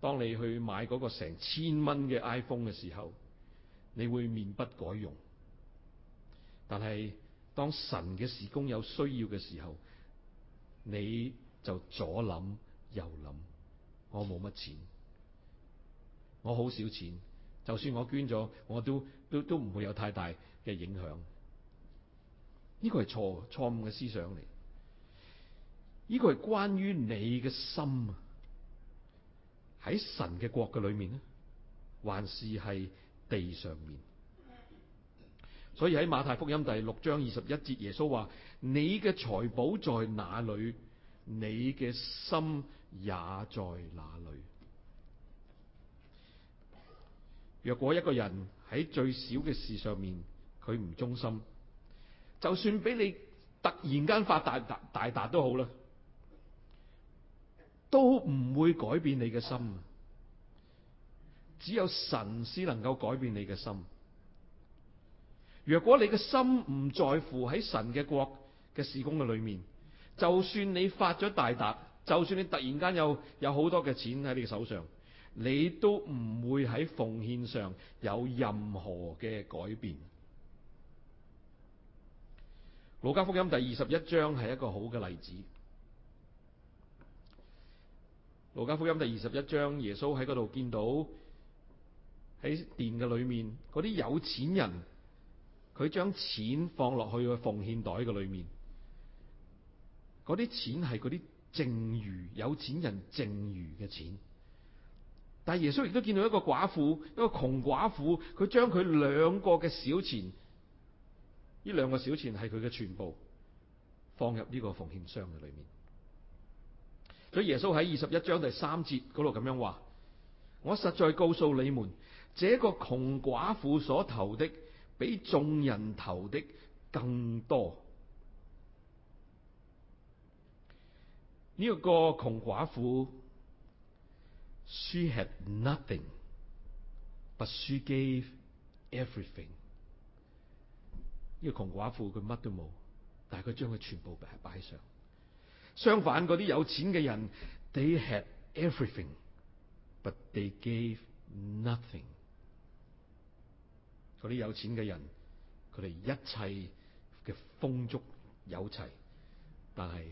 當你去買嗰個成千蚊嘅 iPhone 嘅時候，你會面不改容。但係當神嘅事工有需要嘅時候，你就左諗右諗，我冇乜錢，我好少錢，就算我捐咗，我都都都唔會有太大嘅影響。呢個係錯錯誤嘅思想嚟。呢個係關於你嘅心喺神嘅國嘅裏面咧，還是係地上面？所以喺馬太福音第六章二十一節，耶穌話：你嘅財寶在哪裏，你嘅心也在那裏。若果一個人喺最小嘅事上面佢唔忠心，就算俾你突然間發大達大達都好啦。都唔會改變你嘅心，只有神先能夠改變你嘅心。若果你嘅心唔在乎喺神嘅國嘅事工嘅裏面，就算你發咗大達，就算你突然間有有好多嘅錢喺你嘅手上，你都唔會喺奉獻上有任何嘅改變。《路加福音》第二十一章係一個好嘅例子。路加福音第二十一章，耶穌喺嗰度見到喺殿嘅裏面，嗰啲有錢人佢將錢放落去個奉獻袋嘅裏面，嗰啲錢係嗰啲剩餘有錢人剩餘嘅錢。但係耶穌亦都見到一個寡婦，一個窮寡婦，佢將佢兩個嘅小錢，呢兩個小錢係佢嘅全部，放入呢個奉獻箱嘅裏面。所以耶穌喺二十一章第三節度咁樣話：我實在告訴你們，這個窮寡婦所投的，比眾人投的更多。呢、這個窮寡婦 she had nothing，but she gave everything。呢個窮寡婦佢乜都冇，但係佢將佢全部擺上。相反，啲有錢嘅人，they had everything，but they gave nothing。啲有錢嘅人，佢哋一切嘅豐足有齊，但係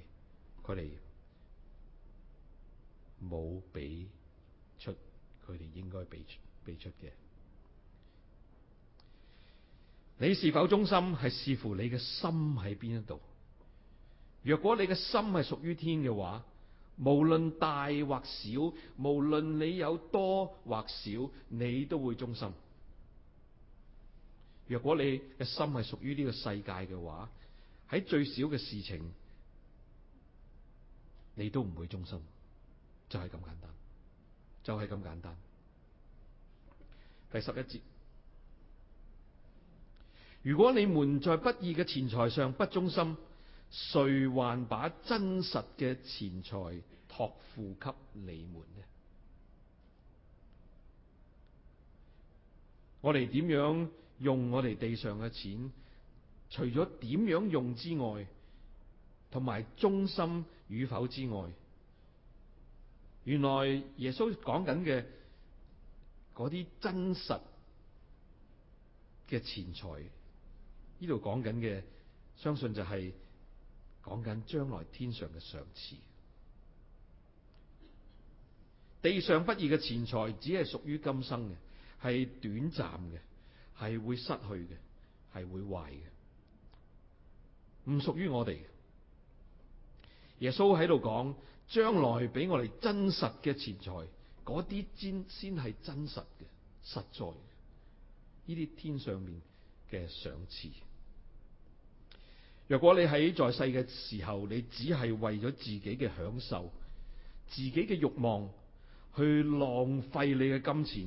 佢哋冇俾出佢哋應該俾俾出嘅。你是否忠心，係視乎你嘅心喺邊一度？若果你嘅心係屬於天嘅話，無論大或小，無論你有多或少，你都會忠心。若果你嘅心係屬於呢個世界嘅話，喺最少嘅事情，你都唔會忠心，就係咁簡單，就係咁簡單。第十一節。如果你們在不義嘅錢財上不忠心，誰還把真實嘅錢財託付給你們呢？我哋點樣用我哋地上嘅錢？除咗點樣用之外，同埋忠心與否之外，原來耶穌講緊嘅嗰啲真實嘅錢財，呢度講緊嘅，相信就係、是。講緊將來天上嘅賞賜，地上不義嘅錢財只係屬於今生嘅，係短暫嘅，係會失去嘅，係會壞嘅，唔屬於我哋。耶穌喺度講，將來俾我哋真實嘅錢財，嗰啲先先係真實嘅，實在嘅，呢啲天上面嘅賞賜。如果你喺在，在世嘅時候，你只係為咗自己嘅享受、自己嘅慾望，去浪費你嘅金錢，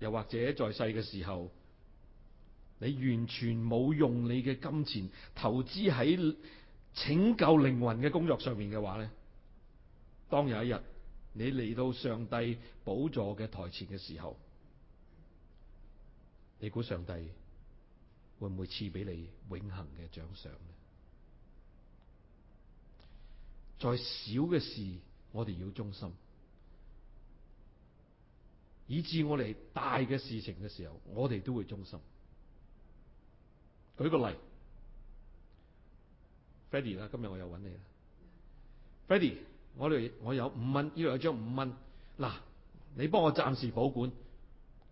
又或者在世嘅時候，你完全冇用你嘅金錢投資喺拯救靈魂嘅工作上面嘅話咧，當有一日你嚟到上帝寶座嘅台前嘅時候，你估上帝，會唔會賜俾你永恆嘅獎賞咧？再小嘅事，我哋要忠心，以致我哋大嘅事情嘅時候，我哋都會忠心。舉個例，Freddy 啦，今日我又揾你啦，Freddy，我呢，我有五蚊，呢度有張五蚊，嗱，你幫我暫時保管，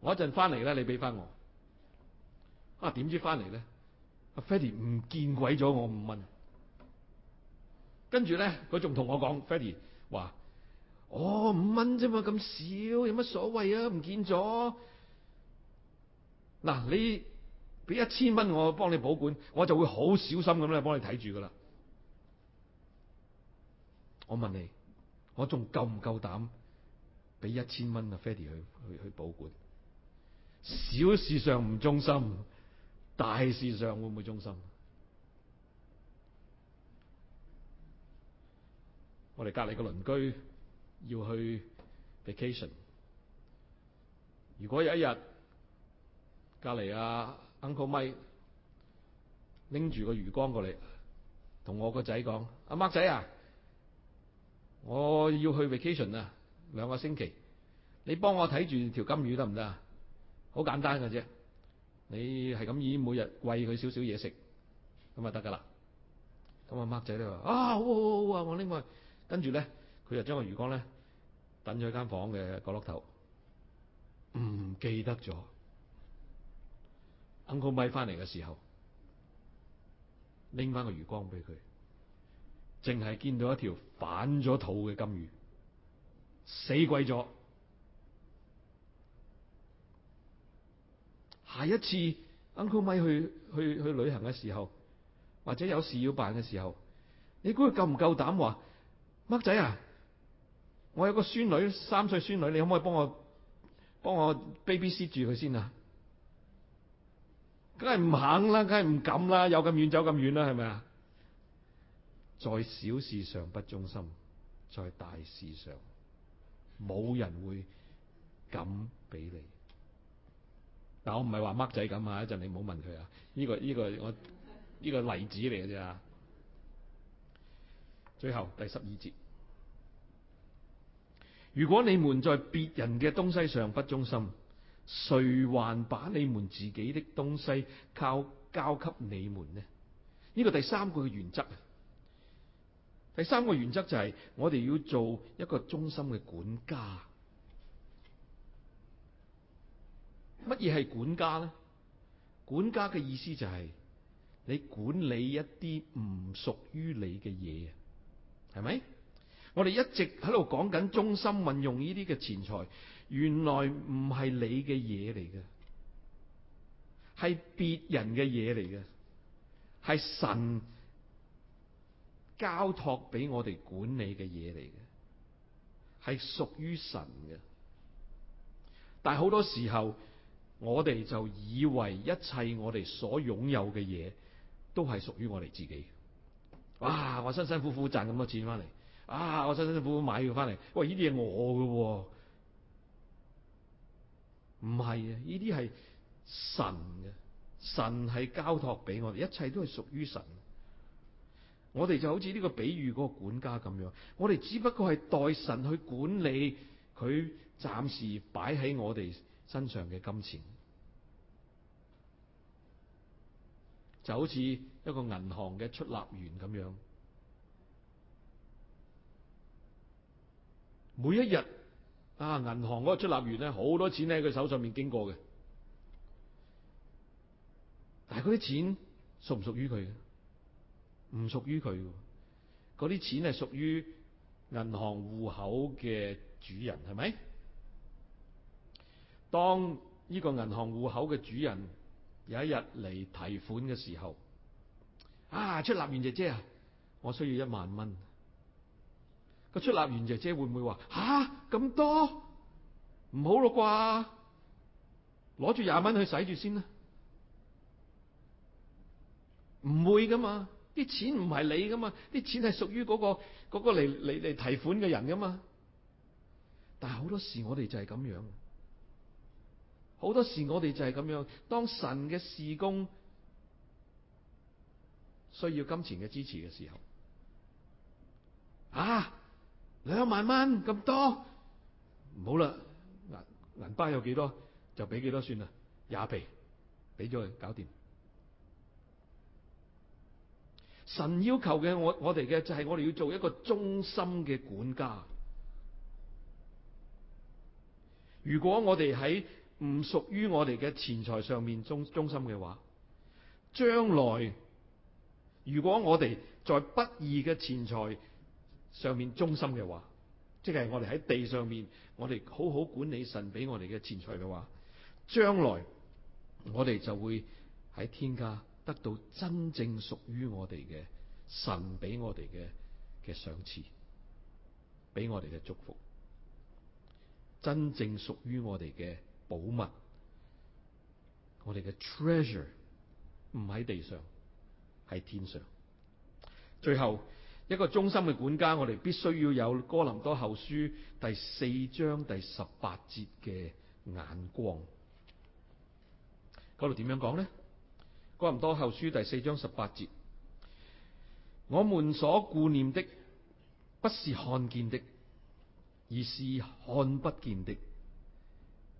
我一陣翻嚟咧，你俾翻我。啊！點知翻嚟咧？阿 Fatty 唔見鬼咗我五蚊，呢，跟住咧佢仲同我講 Fatty 話：哦，五蚊啫嘛，咁少有乜所謂啊？唔見咗，嗱、啊，你俾一千蚊我幫你保管，我就會好小心咁嚟幫你睇住噶啦。我問你，我仲夠唔夠膽俾一千蚊啊 Fatty 去去去保管，小事上唔忠心。大事上會唔會忠心？我哋隔離個鄰居要去 vacation。如果有一日隔離阿 Uncle Mike 拎住個魚缸過嚟，同我個、啊、仔講：阿 Mark 仔啊，我要去 vacation 啊，兩個星期，你幫我睇住條金魚得唔得啊？好簡單㗎啫。你係咁以每日餵佢少少嘢食，咁咪得噶啦？咁啊，Mark 仔都話：啊，好好好啊！我拎埋，跟住咧，佢就將個魚缸咧，等咗喺間房嘅角落頭。唔記得咗，Uncle Mike 翻嚟嘅時候，拎翻個魚缸俾佢，淨係見到一條反咗肚嘅金魚，死鬼咗。下一次 Uncle Mike 去去去旅行嘅時候，或者有事要辦嘅時候，你估佢夠唔夠膽話，乜仔啊？我有個孫女三歲孫女，你可唔可以幫我幫我 baby sit 住佢先啊？梗係唔肯啦，梗係唔敢啦，有咁遠走咁遠啦，係咪啊？在小事上不忠心，在大事上冇人會敢俾你。但我唔係話掹仔咁啊！一陣你唔好問佢啊，呢個呢個我呢個例子嚟嘅啫。最後第十二節，如果你們在別人嘅東西上不忠心，誰還把你們自己的東西交交給你們呢？呢個第三個原則，第三個原則就係我哋要做一個忠心嘅管家。乜嘢係管家咧？管家嘅意思就係你管理一啲唔屬於你嘅嘢，係咪？我哋一直喺度講緊忠心運用呢啲嘅錢財，原來唔係你嘅嘢嚟嘅，係別人嘅嘢嚟嘅，係神交託俾我哋管理嘅嘢嚟嘅，係屬於神嘅。但係好多時候，我哋就以為一切我哋所擁有嘅嘢，都係屬於我哋自己。哇！我辛辛苦苦賺咁多錢翻嚟，啊！我辛辛苦苦買嘢翻嚟，喂！呢啲嘢我嘅喎，哦，唔係啊！呢啲係神嘅，神係交託俾我哋，一切都係屬於神。我哋就好似呢個比喻嗰個管家咁樣，我哋只不過係代神去管理佢暫時擺喺我哋身上嘅金錢。就好似一個銀行嘅出納員咁樣，每一日啊，銀行嗰個出納員咧，好多錢喺佢手上面經過嘅，但係嗰啲錢屬唔屬於佢嘅？唔屬於佢嘅，嗰啲錢係屬於銀行戶口嘅主人，係咪？當呢個銀行戶口嘅主人。有一日嚟提款嘅時候，啊，出納員姐姐啊，我需要一萬蚊。個出納員姐姐會唔會話，吓，咁多？唔好啦啩，攞住廿蚊去使住先啦。唔會噶嘛，啲錢唔係你噶嘛，啲錢係屬於嗰個、嗰個嚟嚟嚟提款嘅人噶嘛。但係好多時我哋就係咁樣。好多時我哋就係咁樣，當神嘅事工需要金錢嘅支持嘅時候，啊，兩萬蚊咁多，唔好啦，銀銀包有幾多就俾幾多算啦，廿倍，俾咗佢搞掂。神要求嘅我我哋嘅就係、是、我哋要做一個忠心嘅管家。如果我哋喺唔屬於我哋嘅錢財上面忠忠心嘅話，將來如果我哋在不義嘅錢財上面忠心嘅話，即係我哋喺地上面，我哋好好管理神俾我哋嘅錢財嘅話，將來我哋就會喺天家得到真正屬於我哋嘅神俾我哋嘅嘅賞賜，俾我哋嘅祝福，真正屬於我哋嘅。寶物。我哋嘅 treasure 唔喺地上，喺天上。最後一個忠心嘅管家，我哋必須要有哥林多後書第四章第十八節嘅眼光。嗰度點樣講咧？哥林多後書第四章十八節，我們所顧念的不是看見的，而是看不見的。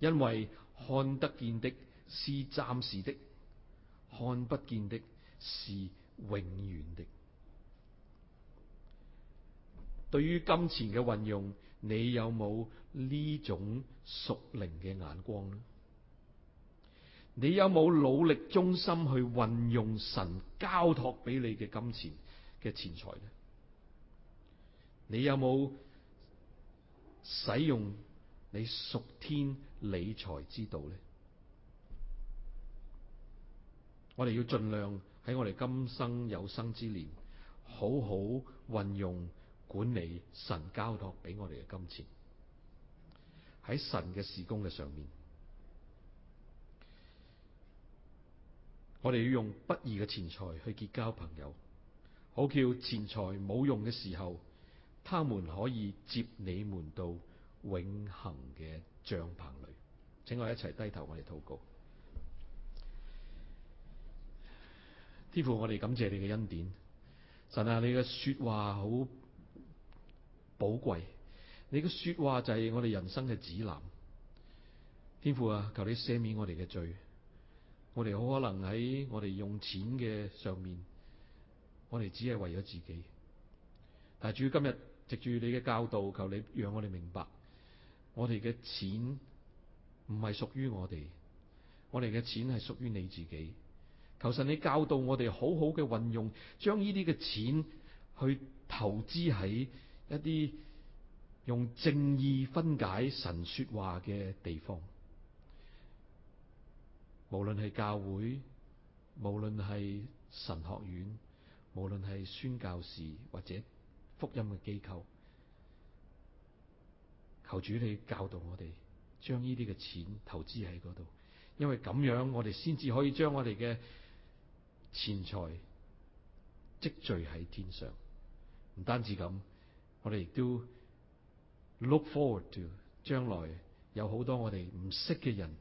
因為看得見的是暫時的，看不見的是永遠的。對於金錢嘅運用，你有冇呢種屬靈嘅眼光呢？你有冇努力忠心去運用神交託俾你嘅金錢嘅錢財呢？你有冇使用你屬天？理財之道呢，我哋要盡量喺我哋今生有生之年，好好運用管理神交託俾我哋嘅金錢，喺神嘅事工嘅上面，我哋要用不義嘅錢財去結交朋友，好叫錢財冇用嘅時候，他們可以接你們到永恒嘅帳棚裏，請我一齊低頭，我哋禱告。天父，我哋感謝你嘅恩典。神啊，你嘅說話好寶貴，你嘅說話就係我哋人生嘅指南。天父啊，求你赦免我哋嘅罪。我哋好可能喺我哋用錢嘅上面，我哋只係為咗自己。但係主，今日，藉住你嘅教導，求你讓我哋明白。我哋嘅錢唔係屬於我哋，我哋嘅錢係屬於你自己。求神，你教導我哋好好嘅運用，將呢啲嘅錢去投資喺一啲用正意分解神說話嘅地方，無論係教會，無論係神學院，無論係宣教士或者福音嘅機構。求主你教導我哋，將呢啲嘅錢投資喺度，因為咁樣我哋先至可以將我哋嘅錢財積聚喺天上。唔單止咁，我哋亦都 look forward to 將來有好多我哋唔識嘅人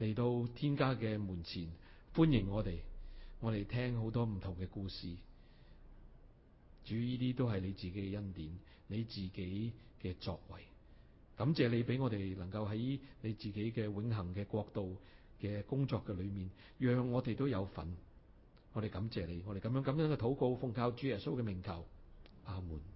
嚟到天家嘅門前，歡迎我哋，我哋聽好多唔同嘅故事。主，呢啲都係你自己嘅恩典，你自己嘅作為。感謝你俾我哋能夠喺你自己嘅永恆嘅國度嘅工作嘅裏面，讓我哋都有份。我哋感謝你，我哋咁樣咁樣嘅禱告，奉靠主耶穌嘅名求，阿門。